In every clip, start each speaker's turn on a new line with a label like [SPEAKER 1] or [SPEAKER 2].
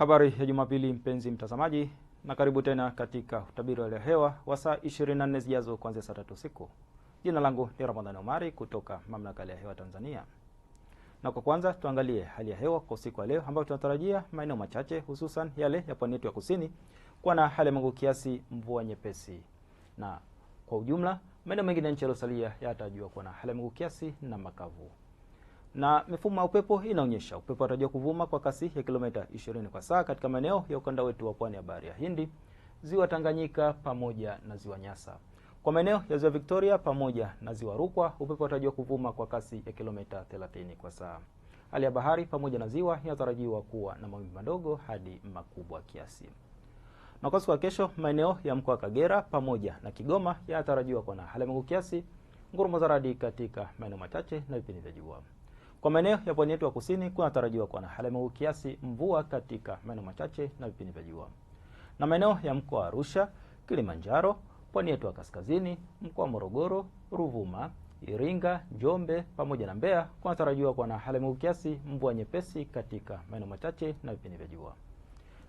[SPEAKER 1] Habari ya Jumapili, mpenzi mtazamaji, na karibu tena katika utabiri wa hali hewa wa saa 24 zijazo kuanzia saa tatu usiku. Jina langu ni Ramadhani Omari kutoka Mamlaka ya Hewa Tanzania. Na kwa kwanza tuangalie hali ya hewa kwa usiku wa leo, ambayo tunatarajia maeneo machache hususan yale ya pwani yetu ya kusini kuwa na hali ya mawingu kiasi, mvua nyepesi, na kwa ujumla maeneo mengine ya nchi yaliyosalia yatajua kuwa na hali ya kiasi na makavu na mifumo ya upepo inaonyesha upepo unatarajiwa kuvuma kwa kasi ya kilomita 20 kwa saa katika maeneo ya ukanda wetu wa pwani ya bahari ya Hindi, ziwa Tanganyika pamoja na ziwa Nyasa. Kwa maeneo ya ziwa Victoria pamoja na ziwa Rukwa, upepo unatarajiwa kuvuma kwa kasi ya kilomita 30 kwa saa. Hali ya bahari pamoja na ziwa inatarajiwa kuwa na mawimbi madogo hadi makubwa kiasi. Na kwa siku ya kesho, maeneo ya mkoa wa Kagera pamoja na Kigoma yanatarajiwa kuwa na hali ya mawingu kiasi, ngurumo za radi katika maeneo machache na vipindi vya jua. Kwa maeneo ya pwani yetu ya kusini kunatarajiwa kuwa na hali ya mawingu kiasi, mvua katika maeneo machache na vipindi vya jua, na maeneo ya mkoa wa Arusha, Kilimanjaro, pwani yetu ya kaskazini, mkoa wa Morogoro, Ruvuma, Iringa, Njombe pamoja na Mbeya kunatarajiwa kuwa na hali ya mawingu kiasi, mvua nyepesi katika maeneo machache na vipindi vya jua,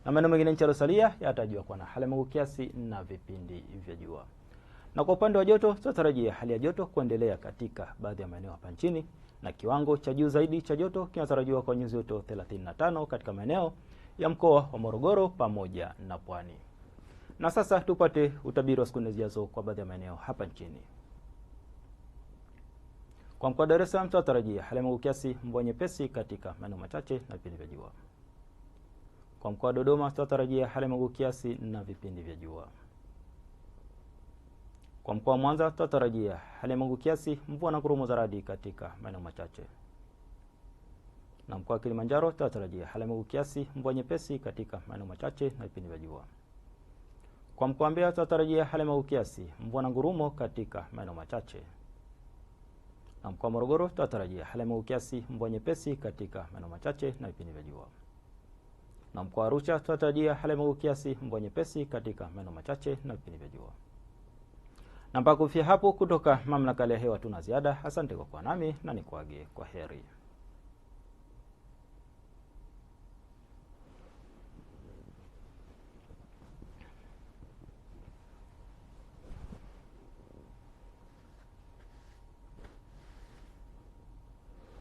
[SPEAKER 1] na maeneo mengine nchi yaliyosalia yanatarajiwa kuwa na hali ya mawingu kiasi na vipindi vya jua. Na kwa upande wa joto, tunatarajia hali ya joto kuendelea katika baadhi ya maeneo hapa nchini na kiwango cha juu zaidi cha joto kinatarajiwa kwa nyuzi joto 35 katika maeneo ya mkoa wa Morogoro pamoja na Pwani. Na sasa tupate utabiri wa siku nne zijazo kwa baadhi ya maeneo hapa nchini. Kwa mkoa wa Dar es Salaam tunatarajia hali ya mawingu kiasi, mvua nyepesi katika maeneo machache na vipindi vya jua. Kwa mkoa wa Dodoma tunatarajia hali ya mawingu kiasi na vipindi vya jua. Kwa mkoa wa Mwanza tutatarajia hali ya mawingu kiasi, mvua na ngurumo za radi katika maeneo machache. Na mkoa wa Kilimanjaro tutatarajia hali ya mawingu kiasi, mvua nyepesi katika maeneo machache na vipindi vya jua. Kwa mkoa wa Mbeya tutatarajia hali ya mawingu kiasi, mvua na ngurumo katika maeneo machache. Na mkoa wa Morogoro tutatarajia hali ya mawingu kiasi, mvua nyepesi katika maeneo machache na vipindi vya jua. Na mkoa wa Arusha tutatarajia hali ya mawingu kiasi, mvua nyepesi katika maeneo machache na vipindi vya jua na mpaka hapo, kutoka mamlaka ya hewa tuna ziada. Asante kwa kuwa nami na nikuage kwa heri.